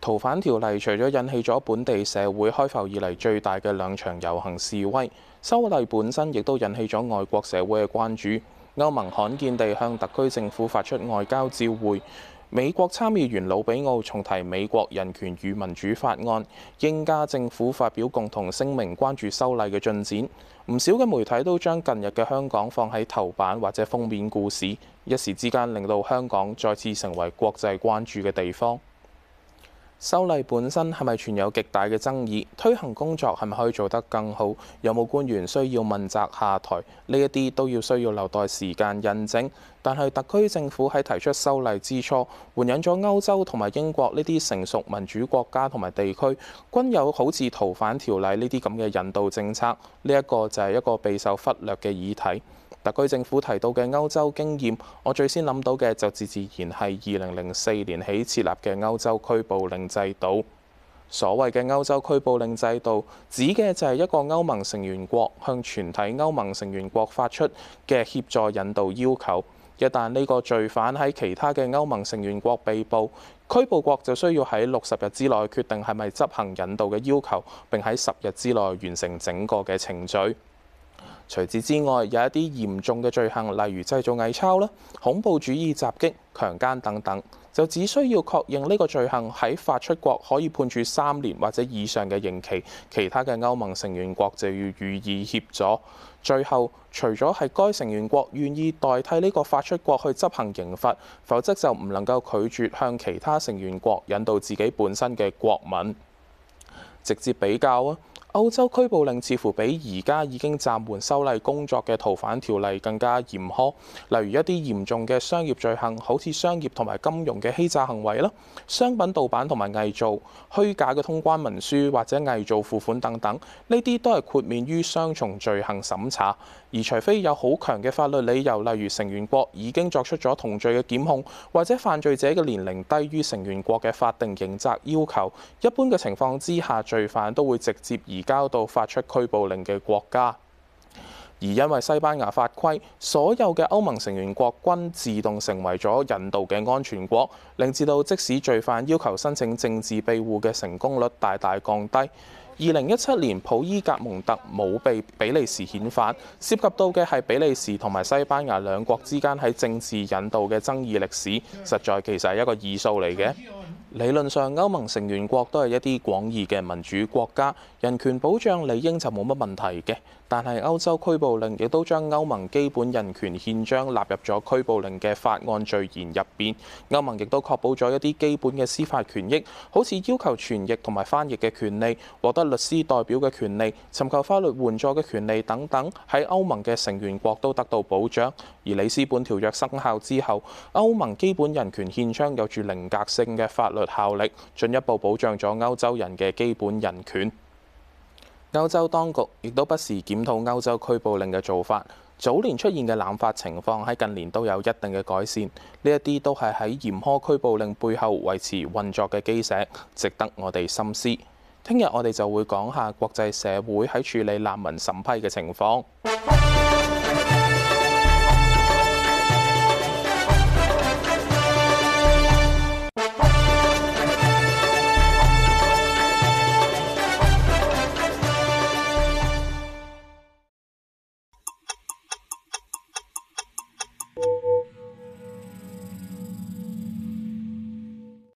逃犯條例除咗引起咗本地社會開埠以嚟最大嘅兩場遊行示威，修例本身亦都引起咗外國社會嘅關注。歐盟罕見地向特區政府發出外交照會。美國參議員魯比奧重提美國人權與民主法案。英加政府發表共同聲明關注修例嘅進展。唔少嘅媒體都將近日嘅香港放喺頭版或者封面故事，一時之間令到香港再次成為國際關注嘅地方。修例本身係咪存有極大嘅爭議？推行工作係咪可以做得更好？有冇官員需要問責下台？呢一啲都要需要留待時間印證。但係特區政府喺提出修例之初，援引咗歐洲同埋英國呢啲成熟民主國家同埋地區，均有好似逃犯條例呢啲咁嘅引導政策，呢一個就係一個備受忽略嘅議題。特區政府提到嘅歐洲經驗，我最先諗到嘅就自自然係二零零四年起設立嘅歐洲拘捕令制度。所謂嘅歐洲拘捕令制度，指嘅就係一個歐盟成員國向全體歐盟成員國發出嘅協助引渡要求。一旦呢個罪犯喺其他嘅歐盟成員國被捕，拘捕國就需要喺六十日之內決定係咪執行引渡嘅要求，並喺十日之內完成整個嘅程序。除此之外，有一啲嚴重嘅罪行，例如製造偽鈔啦、恐怖主義襲擊、強姦等等，就只需要確認呢個罪行喺發出國可以判處三年或者以上嘅刑期，其他嘅歐盟成員國就要予以協助。最後，除咗係該成員國願意代替呢個發出國去執行刑罰，否則就唔能夠拒絕向其他成員國引導自己本身嘅國民。直接比較啊！歐洲拘捕令似乎比而家已經暫緩修例工作嘅逃犯條例更加嚴苛，例如一啲嚴重嘅商業罪行，好似商業同埋金融嘅欺詐行為啦，商品盜版同埋偽造、虛假嘅通關文書或者偽造付款等等，呢啲都係豁免於雙重罪行審查。而除非有好強嘅法律理由，例如成員國已經作出咗同罪嘅檢控，或者犯罪者嘅年齡低於成員國嘅法定刑責要求，一般嘅情況之下，罪犯都會直接而移交到發出拘捕令嘅國家，而因為西班牙法規，所有嘅歐盟成員國均自動成為咗引渡嘅安全國，令至到即使罪犯要求申請政治庇護嘅成功率大大降低。二零一七年，普伊格蒙特冇被比利時遣返，涉及到嘅係比利時同埋西班牙兩國之間喺政治引渡嘅爭議歷史，實在其實係一個異數嚟嘅。理論上，歐盟成員國都係一啲廣義嘅民主國家，人權保障理應就冇乜問題嘅。但係歐洲拘捕令亦都將歐盟基本人權憲章納入咗拘捕令嘅法案序言入邊。歐盟亦都確保咗一啲基本嘅司法權益，好似要求傳譯同埋翻譯嘅權利、獲得律師代表嘅權利、尋求法律援助嘅權利等等，喺歐盟嘅成員國都得到保障。而里斯本條約生效之後，歐盟基本人權憲章有住凌格性嘅法律。效力進一步保障咗歐洲人嘅基本人權。歐洲當局亦都不時檢討歐洲拘捕令嘅做法。早年出現嘅濫發情況喺近年都有一定嘅改善，呢一啲都係喺嚴苛拘捕令背後維持運作嘅基石，值得我哋深思。聽日我哋就會講下國際社會喺處理難民審批嘅情況。